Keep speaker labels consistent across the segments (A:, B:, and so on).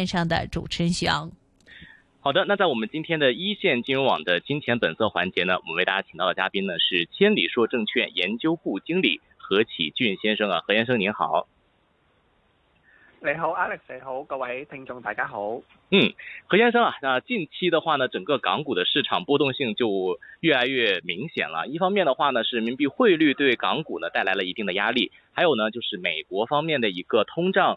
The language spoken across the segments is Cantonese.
A: 線上的主持人祥。
B: 好的，那在我們今天的一線金融網的金錢本色環節呢，我們為大家請到的嘉賓呢是千里碩證券研究部經理何啟俊先生啊，何先生您好。
A: 你好 Alex，你好各位聽眾大家好。
B: 嗯，何先生啊，那近期的話呢，整個港股的市場波動性就越來越明顯了，一方面的話呢，是人民幣匯率對港股呢帶來了一定的壓力，還有呢就是美國方面的一個通脹。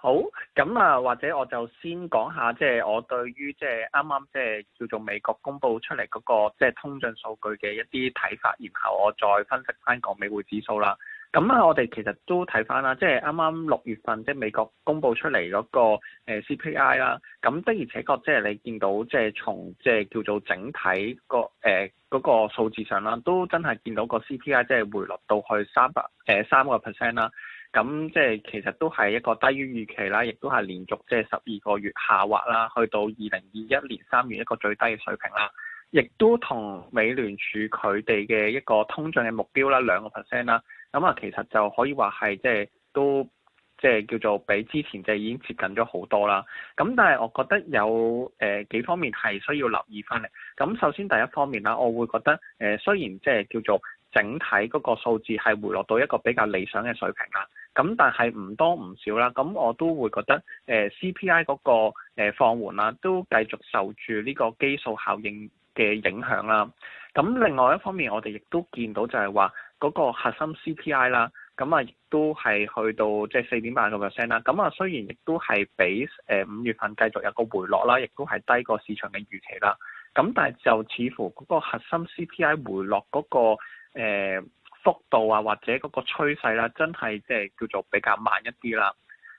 A: 好，咁啊，或者我就先講下，即係我對於即係啱啱即係叫做美國公佈出嚟嗰個即係通脹數據嘅一啲睇法，然後我再分析翻個美匯指數啦。咁啊，我哋其實都睇翻啦，即係啱啱六月份即係美國公佈出嚟嗰個 CPI 啦。咁的而且確，即係你見到即係從即係叫做整體個誒嗰個數字上啦，都真係見到個 CPI 即係回落到去三百誒三個 percent 啦。咁即係其實都係一個低於預期啦，亦都係連續即係十二個月下滑啦，去到二零二一年三月一個最低嘅水平啦，亦都同美聯儲佢哋嘅一個通脹嘅目標啦，兩個 percent 啦，咁啊其實就可以話係即係都即係、就是、叫做比之前即係已經接近咗好多啦。咁但係我覺得有誒、呃、幾方面係需要留意翻嚟。咁首先第一方面啦，我會覺得誒、呃、雖然即係叫做整體嗰個數字係回落到一個比較理想嘅水平啦。咁但係唔多唔少啦，咁我都會覺得誒、呃、CPI 嗰個放緩啦，都繼續受住呢個基數效應嘅影響啦。咁另外一方面，我哋亦都見到就係話嗰個核心 CPI 啦，咁啊亦都係去到即係四點八個 percent 啦。咁、就、啊、是、雖然亦都係比誒五月份繼續有個回落啦，亦都係低過市場嘅預期啦。咁但係就似乎嗰個核心 CPI 回落嗰、嗰個、呃速度啊，或者嗰個趨勢啦，真係即係叫做比較慢一啲啦。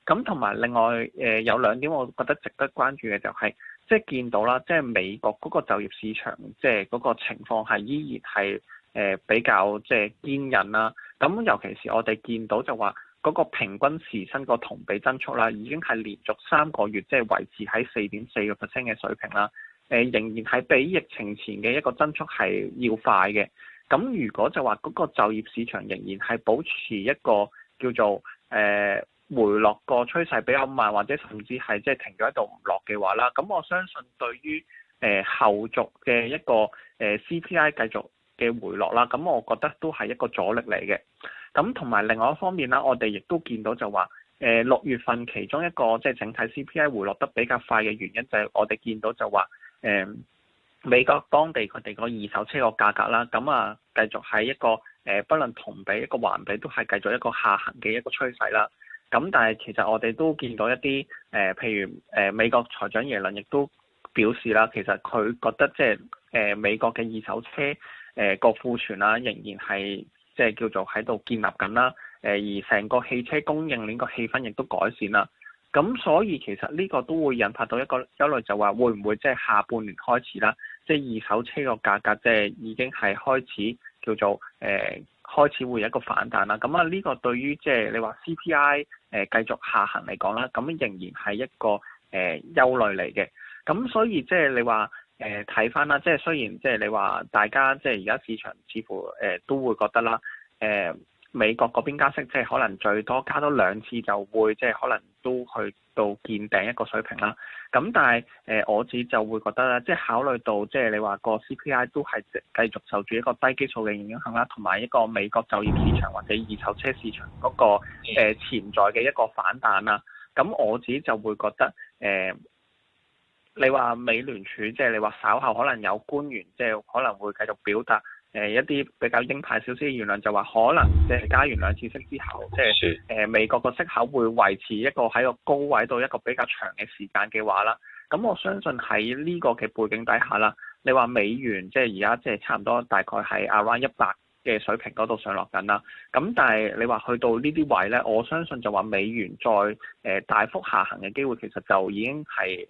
A: 咁同埋另外誒有兩點我覺得值得關注嘅就係即係見到啦，即係美國嗰個就業市場，即係嗰個情況係依然係誒比較即係堅韌啦。咁尤其是我哋見到就話嗰個平均時薪個同比增速啦，已經係連續三個月即係維持喺四點四個 percent 嘅水平啦。誒仍然係比疫情前嘅一個增速係要快嘅。咁如果就話嗰個就業市場仍然係保持一個叫做誒、呃、回落個趨勢比較慢，或者甚至係即係停咗喺度唔落嘅話啦，咁我相信對於誒、呃、後續嘅一個誒、呃、CPI 繼續嘅回落啦，咁我覺得都係一個阻力嚟嘅。咁同埋另外一方面啦，我哋亦都見到就話，誒、呃、六月份其中一個即係整體 CPI 回落得比較快嘅原因就係我哋見到就話誒、呃美國當地佢哋個二手車個價格啦，咁啊繼續喺一個誒、呃，不能同比一個環比都係繼續一個下行嘅一個趨勢啦。咁但係其實我哋都見到一啲誒、呃，譬如誒、呃、美國財長耶倫亦都表示啦，其實佢覺得即係誒、呃、美國嘅二手車誒個庫存啦，呃、仍然係即係叫做喺度建立緊啦。誒、呃、而成個汽車供應鏈個氣氛亦都改善啦。咁所以其實呢個都會引發到一個憂慮，就話會唔會即係下半年開始啦？即係二手車個價格，即係已經係開始叫做誒、呃、開始會有一個反彈啦。咁啊，呢個對於即係你話 CPI 誒、呃、繼續下行嚟講啦，咁仍然係一個誒憂、呃、慮嚟嘅。咁所以即係你話誒睇返啦，即係、呃、雖然即係你話大家即係而家市場似乎誒、呃、都會覺得啦誒。呃美國嗰邊加息，即係可能最多加多兩次就會，即係可能都去到見頂一個水平啦。咁但係誒、呃，我自己就會覺得咧，即係考慮到即係你話個 CPI 都係繼續受住一個低基數嘅影響啦，同埋一個美國就業市場或者二手車市場嗰、那個誒、呃、潛在嘅一個反彈啦。咁我自己就會覺得誒、呃，你話美聯儲即係你話稍後可能有官員即係可能會繼續表達。誒、呃、一啲比較鷹派少少嘅言論就話，可能即係加完兩次息之後，即係誒美國個息口會維持一個喺個高位到一個比較長嘅時間嘅話啦。咁我相信喺呢個嘅背景底下啦，你話美元即係而家即係差唔多大概喺 around 一百嘅水平嗰度上落緊啦。咁但係你話去到呢啲位呢，我相信就話美元再誒、呃、大幅下行嘅機會其實就已經係誒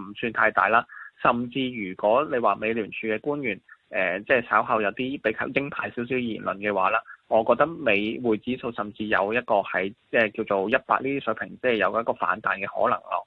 A: 唔算太大啦。甚至如果你話美聯儲嘅官員，誒、呃，即係稍後有啲比較鷹派少少言論嘅話啦，我覺得美匯指數甚至有一個喺即係叫做一百呢啲水平，即係有一個反彈嘅可能咯。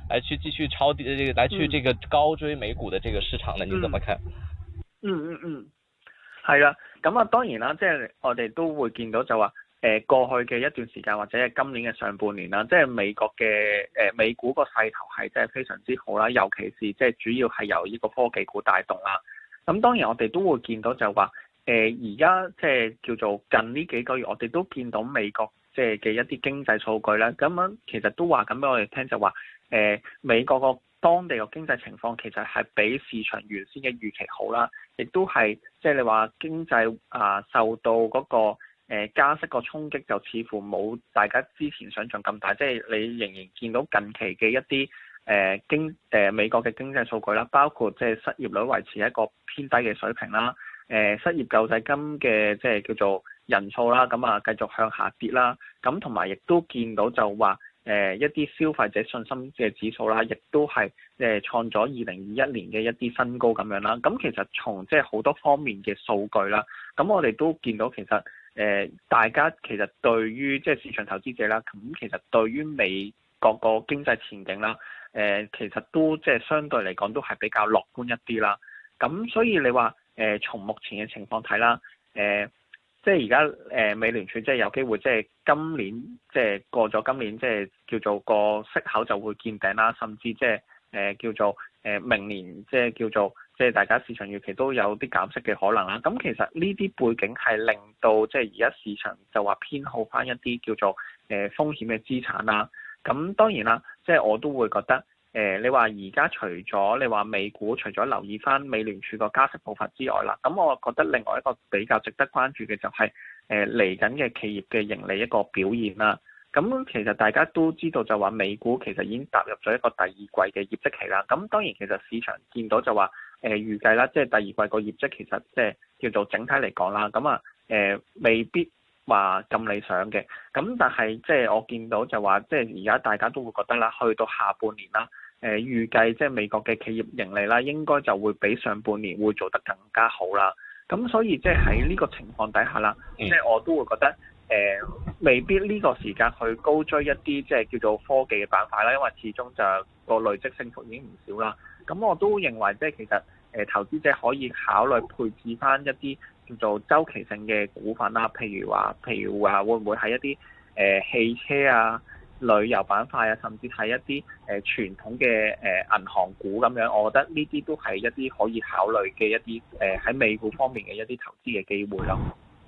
B: 來去繼續抄底，來去這個高追美股嘅這個市場呢？你怎麼看？嗯
A: 嗯嗯，係 啦，咁啊 當然啦，即、就、係、是、我哋都會見到就話，誒、呃、過去嘅一段時間或者係今年嘅上半年啦，即、就、係、是、美國嘅誒、呃、美股個勢頭係真係非常之好啦，尤其是即係主要係由呢個科技股帶動啦。咁當然我哋都會見到就話，誒而家即係叫做近呢幾個月，我哋都見到美國。即係嘅一啲經濟數據啦，咁樣其實都話緊俾我哋聽，就話誒美國個當地個經濟情況其實係比市場原先嘅預期好啦，亦都係即係你話經濟啊受到嗰個誒加息個衝擊，就似乎冇大家之前想像咁大，即係你仍然見到近期嘅一啲誒經誒美國嘅經濟數據啦，包括即係失業率維持一個偏低嘅水平啦，誒失業救濟金嘅即係叫做。人數啦，咁啊，繼續向下跌啦。咁同埋亦都見到就話，誒一啲消費者信心嘅指數啦，亦都係誒創咗二零二一年嘅一啲新高咁樣啦。咁其實從即係好多方面嘅數據啦，咁我哋都見到其實誒大家其實對於即係市場投資者啦，咁其實對於美國個經濟前景啦，誒其實都即係相對嚟講都係比較樂觀一啲啦。咁所以你話誒，從目前嘅情況睇啦，誒。即係而家誒美聯儲即係有機會，即係今年即係過咗今年，即係叫做個息口就會見頂啦，甚至即係誒叫做誒明年即係叫做即係大家市場預期都有啲減息嘅可能啦。咁其實呢啲背景係令到即係而家市場就話偏好返一啲叫做誒風險嘅資產啦。咁當然啦，即係我都會覺得。誒、呃，你話而家除咗你話美股，除咗留意翻美聯儲個加息步伐之外啦，咁、呃、我覺得另外一個比較值得關注嘅就係誒嚟緊嘅企業嘅盈利一個表現啦。咁、嗯、其實大家都知道就話美股其實已經踏入咗一個第二季嘅業績期啦。咁、嗯、當然其實市場見到就話誒預計啦，即係第二季個業績其實即、係叫做整體嚟講啦，咁啊誒未必話咁理想嘅。咁、嗯、但係即係我見到就話即係而家大家都會覺得啦，去到下半年啦。誒、呃、預計即係美國嘅企業盈利啦，應該就會比上半年會做得更加好啦。咁所以即係喺呢個情況底下啦，嗯、即係我都會覺得誒、呃、未必呢個時間去高追一啲即係叫做科技嘅板塊啦，因為始終就個累積升幅已經唔少啦。咁我都認為即係其實誒、呃、投資者可以考慮配置翻一啲叫做周期性嘅股份啦，譬如話譬如話會唔會係一啲誒、呃、汽車啊，旅遊板塊啊，甚至係一啲誒傳統嘅誒銀行股咁樣，我覺得呢啲都係一啲可以考慮嘅一啲誒喺美股方面嘅一啲投資嘅機會咯。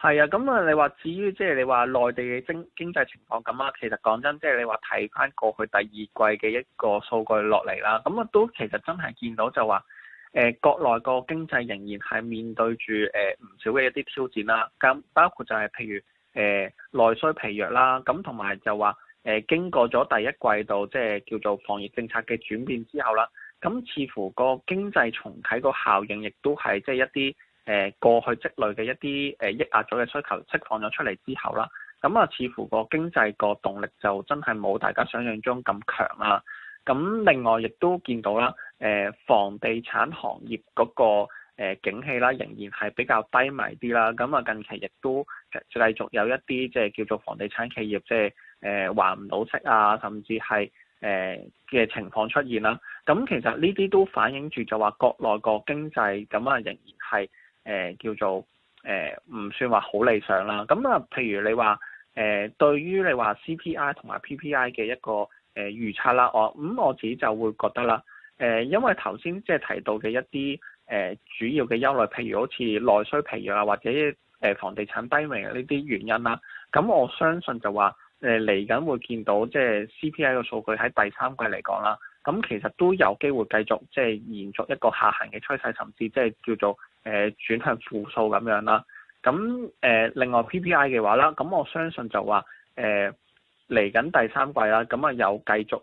A: 係啊，咁啊，你話至於即係你話內地嘅經經濟情況咁啊，其實講真，即係你話睇翻過去第二季嘅一個數據落嚟啦，咁啊都其實真係見到就話，誒、呃、國內個經濟仍然係面對住誒唔少嘅一啲挑戰啦。咁包括就係譬如誒呃、內需疲弱啦，咁同埋就話誒、呃、經過咗第一季度即係叫做防疫政策嘅轉變之後啦，咁、啊、似乎個經濟重啟個效應亦都係即係一啲。誒過去積累嘅一啲誒、呃、抑壓咗嘅需求釋放咗出嚟之後啦，咁啊似乎個經濟個動力就真係冇大家想象中咁強啦。咁、啊、另外亦都見到啦，誒、呃、房地產行業嗰、那個、呃、景氣啦，仍然係比較低迷啲啦。咁啊近期亦都繼續有一啲即係叫做房地產企業即係誒、呃、還唔到息啊，甚至係誒嘅情況出現啦。咁、啊、其實呢啲都反映住就話國內個經濟咁啊、嗯、仍然係。誒、呃、叫做誒唔、呃、算話好理想啦。咁啊，譬如你話誒、呃、對於你話 CPI 同埋 PPI 嘅一個誒預測啦，我咁、嗯、我自己就會覺得啦。誒、呃，因為頭先即係提到嘅一啲誒、呃、主要嘅憂慮，譬如好似內需疲弱啊，或者誒房地產低迷啊呢啲原因啦、啊。咁我相信就話誒嚟緊會見到即係 CPI 嘅數據喺第三季嚟講啦。咁其實都有機會繼續即係延續一個下行嘅趨勢，甚至即係叫做。誒轉向負數咁樣啦，咁誒、呃、另外 PPI 嘅話啦，咁我相信就話誒嚟緊第三季啦，咁啊有繼續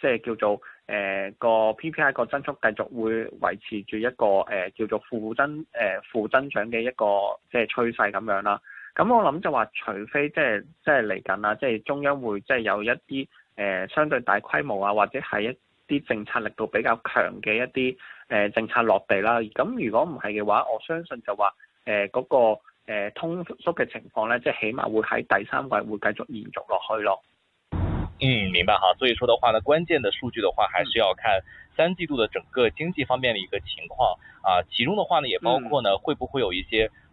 A: 即係、就是、叫做誒個、呃、PPI 個增速繼續會維持住一個誒、呃、叫做負增誒、呃、負增長嘅一個即係、就是、趨勢咁樣啦，咁我諗就話除非即係即係嚟緊啦，即、就、係、是就是、中央會即係有一啲誒、呃、相對大規模啊，或者係一啲政策力度比較強嘅一啲誒、呃、政策落地啦，咁如果唔係嘅話，我相信就話誒、呃那個個、呃、通縮嘅情況咧，即係起碼會喺第三季會繼續延續落去咯。
B: 嗯，明白吓。所以說的話，咧，關鍵嘅數據的話，還是要看三季度嘅整個經濟方面嘅一個情況啊，其中的話咧，也包括呢，會不會有一些，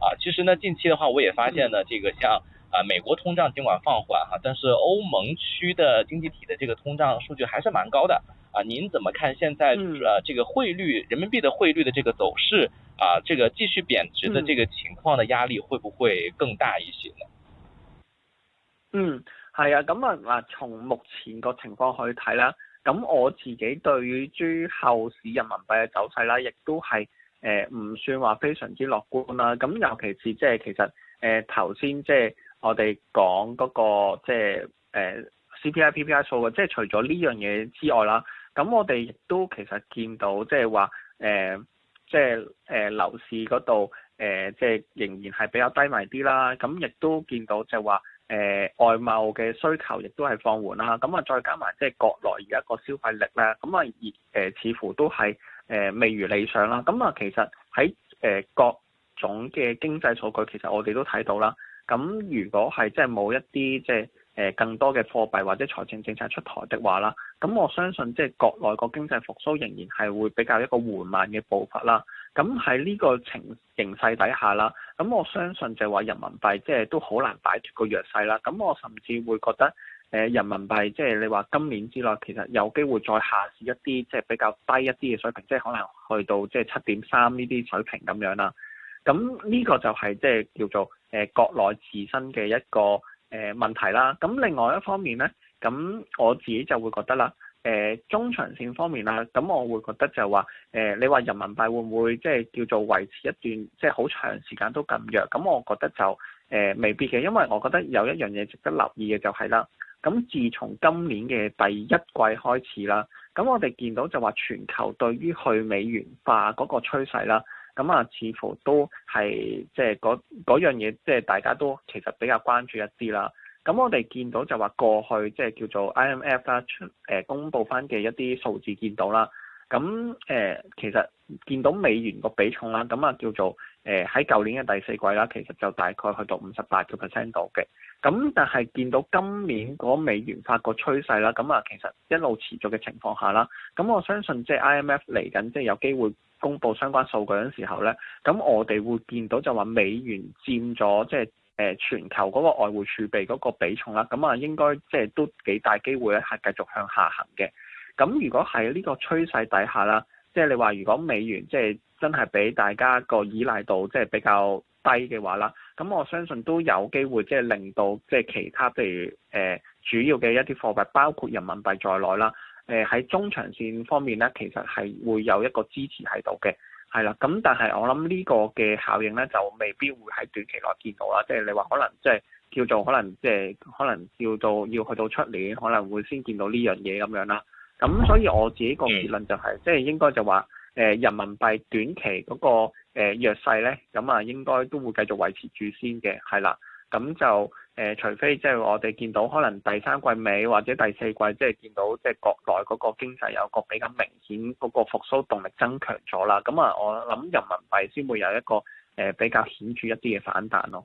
B: 啊，其實呢近期的話，我也發現呢，這個像啊美國通脹盡管放緩哈，但是歐盟區的經濟體的這個通脹數據還是蠻高的。啊，您怎麼看現在就是啊這個匯率人民幣的匯率的這個走勢啊，這個繼續貶值的這個情況的壓力會不會更大
A: 一些呢？嗯，係啊，咁啊嗱，從目前個情況去睇啦，咁我自己對於後市人民幣嘅走勢啦，亦都係。誒唔、呃、算話非常之樂觀啦，咁尤其是即係其實誒頭先即係我哋講嗰個即係誒 CPI PPI 數嘅，即、呃、係、就是、除咗呢樣嘢之外啦，咁我哋亦都其實見到即係話誒即係誒樓市嗰度誒即係仍然係比較低迷啲啦，咁亦都見到就係話誒、呃、外貿嘅需求亦都係放緩啦，咁啊再加埋即係國內而家個消費力咧，咁啊而誒似乎都係。誒未如理想啦，咁啊其實喺誒各種嘅經濟數據，其實我哋都睇到啦。咁如果係即係冇一啲即係誒更多嘅貨幣或者財政政策出台的話啦，咁我相信即係國內個經濟復甦仍然係會比較一個緩慢嘅步伐啦。咁喺呢個情形勢底下啦，咁我相信就係話人民幣即係都好難擺脱個弱勢啦。咁我甚至會覺得。誒人民幣，即係你話今年之內其實有機會再下試一啲，即係比較低一啲嘅水平，即係可能去到即係七點三呢啲水平咁樣啦。咁呢個就係、是、即係叫做誒、呃、國內自身嘅一個誒、呃、問題啦。咁另外一方面咧，咁我自己就會覺得啦，誒、呃、中長線方面啦，咁我會覺得就話誒、呃、你話人民幣會唔會即係叫做維持一段即係好長時間都咁弱？咁我覺得就誒、呃、未必嘅，因為我覺得有一樣嘢值得留意嘅就係啦。咁自從今年嘅第一季開始啦，咁我哋見到就話全球對於去美元化嗰個趨勢啦，咁啊似乎都係即係嗰樣嘢，即係大家都其實比較關注一啲啦。咁我哋見到就話過去即係、就是、叫做 IMF 啦出誒、呃、公佈返嘅一啲數字見到啦。咁誒、呃，其實見到美元個比重啦，咁啊叫做誒喺舊年嘅第四季啦，其實就大概去到五十八個 percent 度嘅。咁但係見到今年嗰美元發個趨勢啦，咁啊其實一路持續嘅情況下啦，咁我相信即係 IMF 嚟緊即係有機會公布相關數據嗰陣時候咧，咁我哋會見到就話美元佔咗即係誒、呃、全球嗰個外匯儲備嗰個比重啦，咁啊應該即係都幾大機會咧係繼續向下行嘅。咁如果喺呢個趨勢底下啦，即係你話如果美元即係、就是、真係俾大家個依賴度即係比較低嘅話啦，咁我相信都有機會即係令到即係其他譬如誒、呃、主要嘅一啲貨幣，包括人民幣在內啦，誒、呃、喺中長線方面咧，其實係會有一個支持喺度嘅，係啦。咁但係我諗呢個嘅效應咧，就未必會喺短期內見到啦。即係你話可能即係叫做可能即係可能叫到要去到出年可能會先見到呢樣嘢咁樣啦。咁所以我自己個結論就係，即係應該就話，誒人民幣短期嗰個誒弱勢咧，咁啊應該都會繼續維持住先嘅，係啦。咁就誒，除非即係我哋見到可能第三季尾或者第四季，即係見到即係國內嗰個經濟有個比較明顯嗰個復甦動力增強咗啦。咁啊，我諗人民幣先會有一個誒比較顯著一啲嘅反彈咯。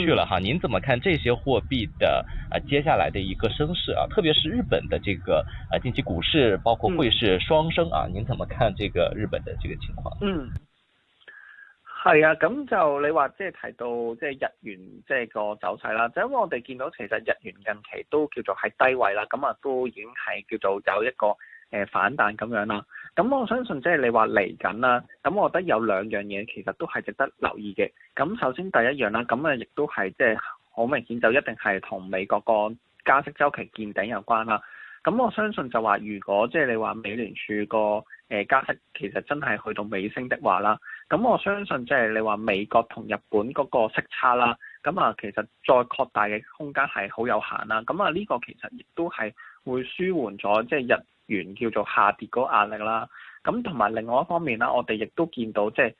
B: 去了哈，您怎麼看這些貨幣的啊接下來的一個升勢啊？特別是日本的這個啊近期股市包括匯市雙升啊，您怎麼看這個日本的這個情況？
A: 嗯，係啊，咁就你話即係提到即係日元即係個走勢啦，就因為我哋見到其實日元近期都叫做喺低位啦，咁啊都已經係叫做有一個誒反彈咁樣啦。咁我相信即係你話嚟緊啦，咁我覺得有兩樣嘢其實都係值得留意嘅。咁首先第一樣啦，咁啊亦都係即係好明顯就一定係同美國個加息週期見頂有關啦。咁我相信就話如果即係你話美聯儲個誒加息其實真係去到尾聲的話啦，咁我相信即係你話美國同日本嗰個息差啦，咁啊其實再擴大嘅空間係好有限啦。咁啊呢個其實亦都係會舒緩咗即係日源叫做下跌嗰個壓力啦，咁同埋另外一方面啦，我哋亦都見到即係、就是、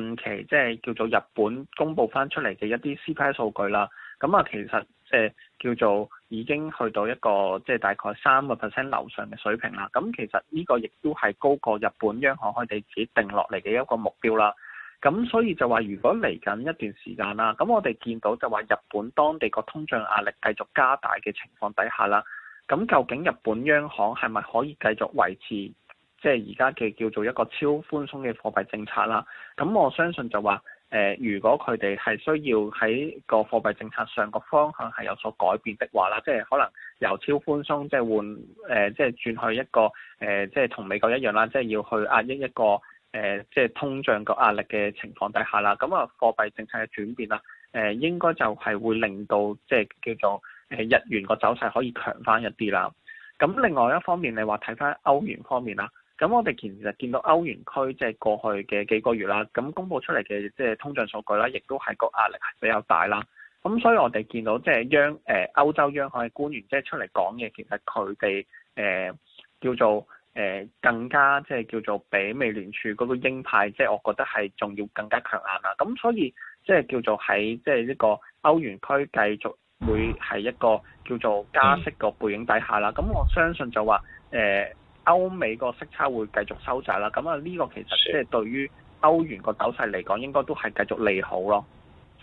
A: 近期即係、就是、叫做日本公布翻出嚟嘅一啲 CPI 數據啦，咁啊其實即係、呃、叫做已經去到一個即係、就是、大概三個 percent 樓上嘅水平啦，咁其實呢個亦都係高過日本央行佢哋自己定落嚟嘅一個目標啦，咁所以就話如果嚟緊一段時間啦，咁我哋見到就話日本當地個通脹壓力繼續加大嘅情況底下啦。咁究竟日本央行係咪可以繼續維持即係而家嘅叫做一個超寬鬆嘅貨幣政策啦？咁我相信就話誒、呃，如果佢哋係需要喺個貨幣政策上個方向係有所改變的話啦，即係可能由超寬鬆即係換誒、呃，即係轉去一個誒、呃，即係同美國一樣啦，即係要去壓抑一個誒、呃，即係通脹個壓力嘅情況底下啦。咁、那、啊、個、貨幣政策嘅轉變啦，誒、呃、應該就係會令到即係叫做。日元個走勢可以強翻一啲啦，咁另外一方面，你話睇翻歐元方面啦，咁我哋其實見到歐元區即係過去嘅幾個月啦，咁公佈出嚟嘅即係通脹數據啦，亦都係個壓力係比較大啦，咁所以我哋見到即係央誒、呃、歐洲央行嘅官員即係出嚟講嘢，其實佢哋誒叫做誒、呃、更加即係叫做比美聯儲嗰個鷹派，即係我覺得係仲要更加強硬啦，咁所以即係叫做喺即係呢個歐元區繼續。會係一個叫做加息個背景底下啦，咁我相信就話誒、呃、歐美個息差會繼續收窄啦，咁啊呢個其實即係對於歐元個走勢嚟講，應該都係繼續利好咯。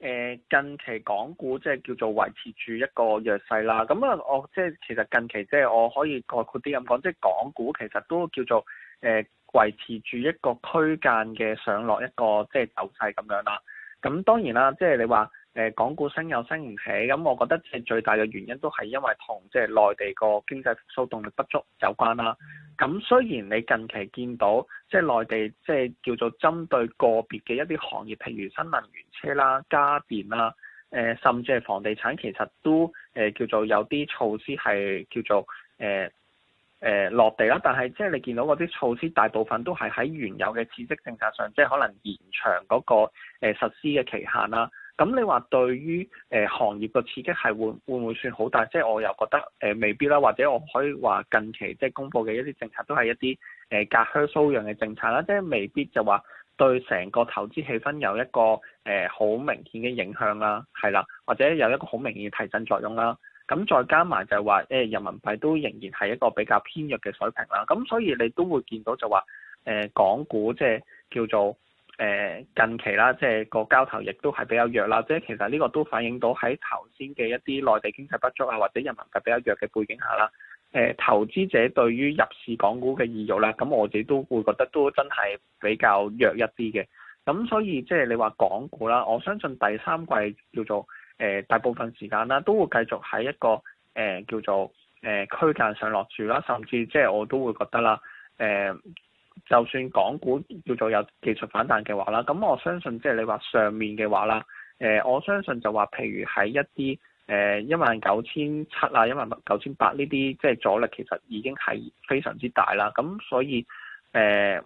A: 誒近期港股即係叫做維持住一個弱勢啦，咁啊我即係其實近期即係我可以概括啲咁講，即係港股其實都叫做誒維持住一個區間嘅上落一個即係走勢咁樣啦。咁當然啦，即係你話。誒、呃、港股升又升唔起，咁、嗯、我覺得即係最大嘅原因都係因為同即係內地個經濟復甦動力不足有關啦。咁、嗯、雖然你近期見到即係內地即係叫做針對個別嘅一啲行業，譬如新能源車啦、家電啦，誒、呃、甚至係房地產，其實都誒、呃、叫做有啲措施係叫做誒誒、呃呃、落地啦。但係即係你見到嗰啲措施，大部分都係喺原有嘅刺激政策上，即、就、係、是、可能延長嗰、那個誒、呃、實施嘅期限啦。咁你話對於誒、呃、行業嘅刺激係會會唔會算好大？即係我又覺得誒、呃、未必啦，或者我可以話近期即係公布嘅一啲政策都係一啲誒、呃、隔靴搔癢嘅政策啦，即係未必就話對成個投資氣氛有一個誒好、呃、明顯嘅影響啦，係啦，或者有一個好明顯嘅提振作用啦。咁再加埋就係話誒人民幣都仍然係一個比較偏弱嘅水平啦。咁所以你都會見到就話誒、呃、港股即、就、係、是、叫做。誒近期啦，即係個交投亦都係比較弱啦，即係其實呢個都反映到喺頭先嘅一啲內地經濟不足啊，或者人民幣比較弱嘅背景下啦。誒、呃、投資者對於入市港股嘅意欲啦，咁我自己都會覺得都真係比較弱一啲嘅。咁所以即係你話港股啦，我相信第三季叫做誒、呃、大部分時間啦，都會繼續喺一個誒、呃、叫做誒、呃、區間上落住啦，甚至即係我都會覺得啦，誒、呃。就算港股叫做有技術反彈嘅話啦，咁我相信即係你話上面嘅話啦，誒、呃，我相信就話譬如喺一啲誒一萬九千七啊，一萬九千八呢啲即係阻力，其實已經係非常之大啦。咁所以誒、呃，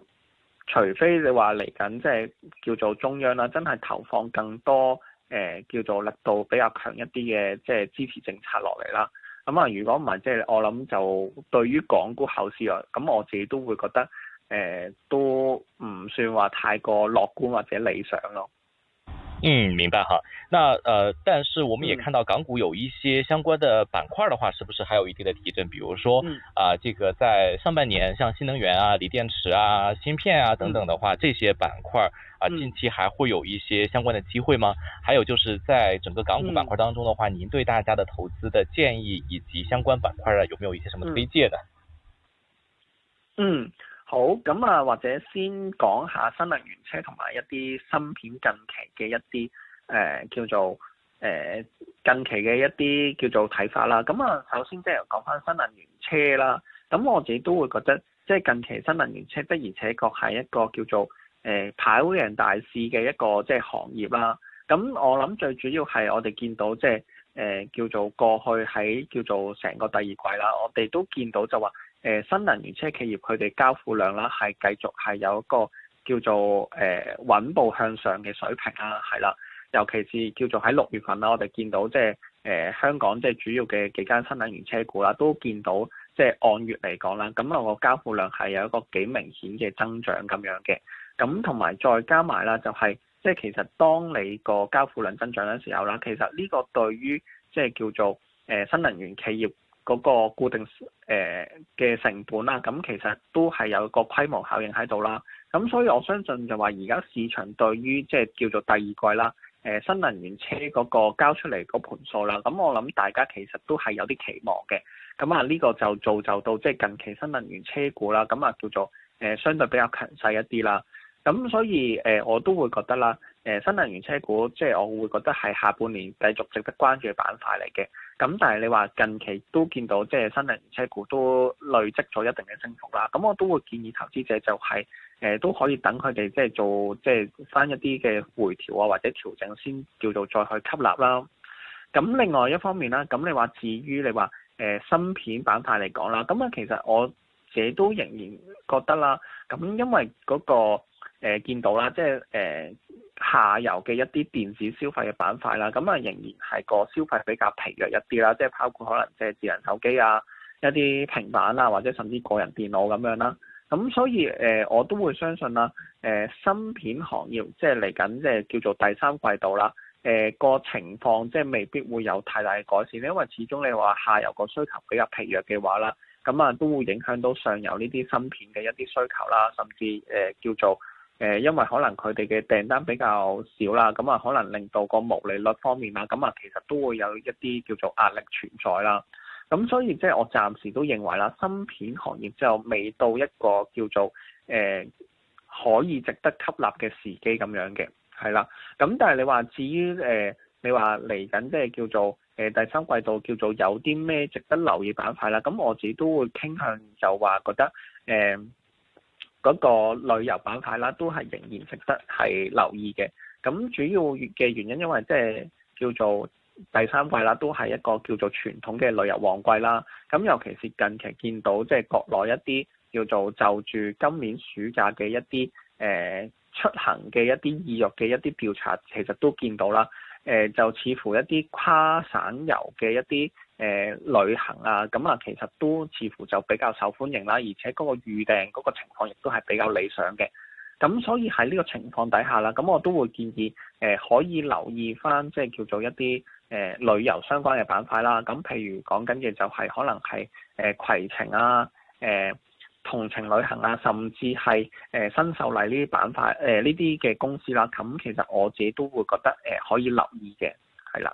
A: 除非你話嚟緊即係叫做中央啦，真係投放更多誒、呃、叫做力度比較強一啲嘅即係支持政策落嚟啦。咁啊，如果唔係即係我諗就對於港股後市啊，咁我自己都會覺得。呃，都唔算話太過樂觀或者理想咯。嗯，
B: 明白哈。那呃，但是我們也看到港股有一些相關的板塊的話，是不是還有一定的提振？比如說，啊、呃，這個在上半年，像新能源啊、鋰電池啊、芯片啊等等的話，這些板塊啊、呃，近期還會有一些相關的機會嗎？還有就是在整個港股板塊當中的話，您對大家的投資的建議以及相關板塊啊，有沒有一些什麼推介的、嗯？嗯。
A: 好，咁啊，或者先講下新能源車同埋一啲芯片近期嘅一啲，誒、呃、叫做，誒、呃、近期嘅一啲叫做睇法啦。咁啊，首先即係講返新能源車啦。咁我自己都會覺得，即、就、係、是、近期新能源車，的而且確係一個叫做，誒跑贏大市嘅一個即係行業啦。咁我諗最主要係我哋見到、就是，即係誒叫做過去喺叫做成個第二季啦，我哋都見到就話。誒、呃、新能源車企業佢哋交付量啦，係繼續係有一個叫做誒穩、呃、步向上嘅水平啊，係啦，尤其是叫做喺六月份啦、啊，我哋見到即係誒香港即係主要嘅幾間新能源車股啦、啊，都見到即係按月嚟講啦，咁個交付量係有一個幾明顯嘅增長咁樣嘅，咁同埋再加埋啦、就係，就係即係其實當你個交付量增長嘅時候啦，其實呢個對於即係叫做誒、呃、新能源企業。嗰個固定誒嘅、呃、成本啦，咁、嗯、其實都係有個規模效應喺度啦。咁所以我相信就話而家市場對於即係叫做第二季啦，誒、呃、新能源車嗰個交出嚟嗰盤數啦，咁、嗯、我諗大家其實都係有啲期望嘅。咁啊呢個就造就到即係、就是、近期新能源車股啦，咁、嗯、啊叫做誒、呃、相對比較強勢一啲啦。咁所以誒、呃、我都會覺得啦，誒、呃、新能源車股即係、就是、我會覺得係下半年繼續值得關注嘅板塊嚟嘅。咁但係你話近期都見到即係新能源車股都累積咗一定嘅升幅啦，咁我都會建議投資者就係、是、誒、呃、都可以等佢哋即係做即係翻一啲嘅回調啊或者調整先，叫做再去吸納啦。咁另外一方面啦，咁你話至於你話誒、呃、芯片板塊嚟講啦，咁啊其實我自己都仍然覺得啦，咁因為嗰、那個。誒、呃、見到啦，即係誒、呃、下游嘅一啲電子消費嘅板塊啦，咁啊仍然係個消費比較疲弱一啲啦，即係包括可能即係智能手機啊、一啲平板啊，或者甚至個人電腦咁樣啦。咁所以誒、呃、我都會相信啦，誒、呃、芯片行業即係嚟緊即係叫做第三季度啦，誒、呃、個情況即係未必會有太大嘅改善，因為始終你話下游個需求比較疲弱嘅話啦，咁啊都會影響到上游呢啲芯片嘅一啲需求啦，甚至誒、呃、叫做。誒，因為可能佢哋嘅訂單比較少啦，咁啊，可能令到個毛利率方面啊，咁啊，其實都會有一啲叫做壓力存在啦。咁所以即係我暫時都認為啦，芯片行業就未到一個叫做誒、呃、可以值得吸納嘅時機咁樣嘅，係啦。咁但係你話至於誒、呃，你話嚟緊即係叫做誒、呃、第三季度叫做有啲咩值得留意板塊啦，咁我自己都會傾向就話覺得誒、呃嗰個旅遊板塊啦，都係仍然值得係留意嘅。咁主要嘅原因，因為即係叫做第三季啦，都係一個叫做傳統嘅旅遊旺季啦。咁尤其是近期見到，即係國內一啲叫做就住今年暑假嘅一啲誒出行嘅一啲意欲嘅一啲調查，其實都見到啦。誒、呃、就似乎一啲跨省遊嘅一啲誒旅行啊，咁、呃、啊、呃呃、其實都似乎就比較受歡迎啦，而且嗰個預訂嗰個情況亦都係比較理想嘅。咁、呃、所以喺呢個情況底下啦，咁、呃、我都會建議誒、呃、可以留意翻，即係叫做一啲誒、呃呃、旅遊相關嘅板塊啦。咁、呃、譬如講緊嘅就係可能係誒攜程啊，誒、呃。呃呃同程旅行啊，甚至係誒、呃、新秀麗呢啲板塊，誒呢啲嘅公司啦，咁其實我自己都會覺得誒、呃、可以留意嘅，係啦。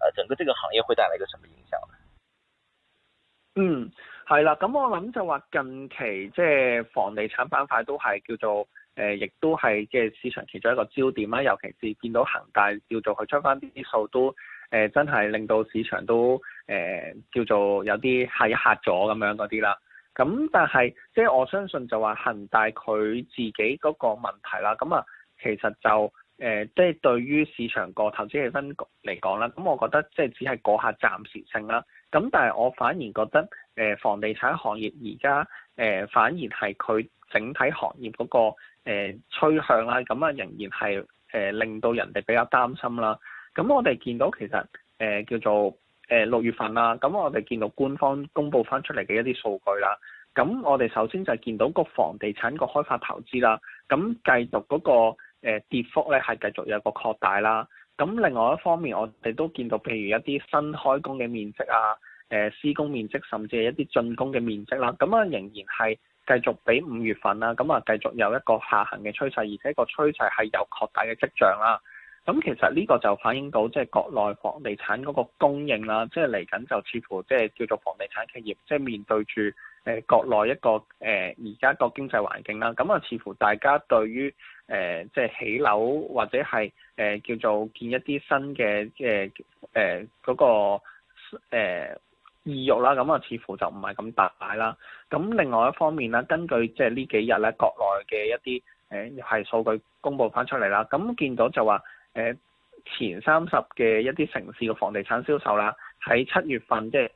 B: 誒，整個這個行業會帶來一個什麼影
A: 響？嗯，係啦，咁我諗就話近期即係房地產板塊都係叫做誒，亦、呃、都係即係市場其中一個焦點啦。尤其是見到恒大叫做佢出翻啲數都誒、呃，真係令到市場都誒、呃、叫做有啲嚇一嚇咗咁樣嗰啲啦。咁、嗯、但係即係我相信就話恒大佢自己嗰個問題啦。咁啊，其實就誒，即係對於市場個投資氣氛嚟講啦，咁我覺得即係只係嗰下暫時性啦。咁但係我反而覺得，誒，房地產行業而家，誒，反而係佢整體行業嗰個誒趨向啦。咁啊，仍然係誒令到人哋比較擔心啦。咁我哋見到其實誒叫做誒六月份啦，咁我哋見到官方公布翻出嚟嘅一啲數據啦。咁我哋首先就見到個房地產個開發投資啦。咁繼續嗰個，誒、嗯、跌幅咧係繼續有個擴大啦，咁另外一方面我哋都見到，譬如一啲新開工嘅面積啊，誒、呃、施工面積甚至係一啲竣工嘅面積啦、啊，咁啊仍然係繼續比五月份啦、啊，咁啊繼續有一個下行嘅趨勢，而且個趨勢係有擴大嘅跡象啦、啊。咁、嗯、其實呢個就反映到即係、就是、國內房地產嗰個供應啦、啊，即係嚟緊就似乎即係叫做房地產企業即係、就是、面對住。誒、呃、國內一個誒而家個經濟環境啦，咁啊似乎大家對於誒、呃、即係起樓或者係誒、呃、叫做建一啲新嘅誒誒嗰個誒、呃、意欲啦，咁啊似乎就唔係咁大啦。咁另外一方面啦，根據即係呢幾日咧國內嘅一啲誒係數據公布翻出嚟啦，咁見到就話誒、呃、前三十嘅一啲城市嘅房地產銷售啦，喺七月份即係。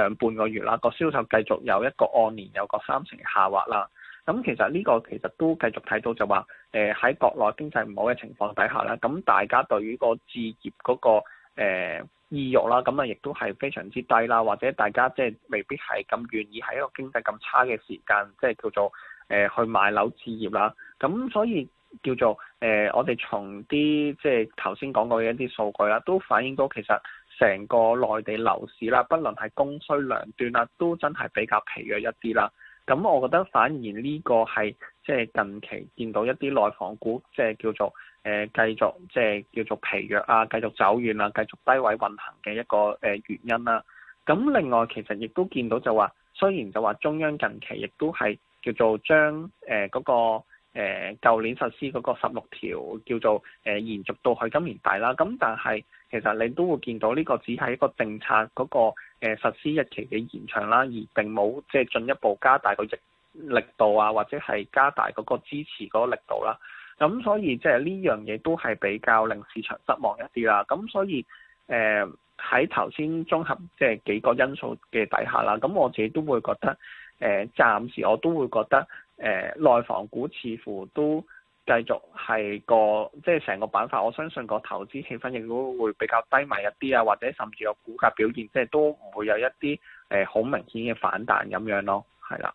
A: 上半個月啦，個銷售繼續有一個按年有個三成下滑啦。咁其實呢個其實都繼續睇到就話，誒喺國內經濟唔好嘅情況底下咧，咁大家對於個置業嗰個誒意欲啦，咁啊亦都係非常之低啦，或者大家即係未必係咁願意喺一個經濟咁差嘅時間，即係叫做誒去買樓置業啦。咁所以叫做誒，我哋從啲即係頭先講過嘅一啲數據啦，都反映到其實。成個內地樓市啦，不論係供需兩端啦，都真係比較疲弱一啲啦。咁我覺得反而呢個係即係近期見到一啲內房股，即係叫做誒繼續即係叫做疲弱啊，繼續走軟啊，繼續低位運行嘅一個誒原因啦。咁另外其實亦都見到就話，雖然就話中央近期亦都係叫做將誒嗰個誒舊年實施嗰個十六條叫做誒延續到去今年底啦，咁但係。其實你都會見到呢個只係一個政策嗰個誒、呃、實施日期嘅延長啦，而並冇即係進一步加大個力度啊，或者係加大嗰個支持嗰個力度啦。咁所以即係呢樣嘢都係比較令市場失望一啲啦。咁所以誒喺頭先綜合即係、就是、幾個因素嘅底下啦，咁我自己都會覺得誒、呃、暫時我都會覺得誒、呃、內房股似乎都。繼續係個即係成個板塊，我相信個投資氣氛亦都會比較低迷一啲啊，或者甚至有股價表現即係都唔會有一啲誒好明顯嘅反彈咁樣咯，
B: 係啦。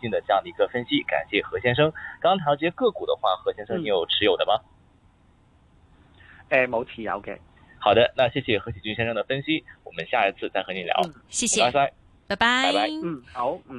B: 進的這樣的一個分析，感謝何先生。剛剛談及個股的話，何先生你有持有的嗎？
A: 誒、呃，冇持有嘅。OK、
B: 好的，那謝謝何啟俊先生的分析，我們下一次再和你聊。嗯，
A: 謝謝。拜拜。拜拜。嗯，好。嗯。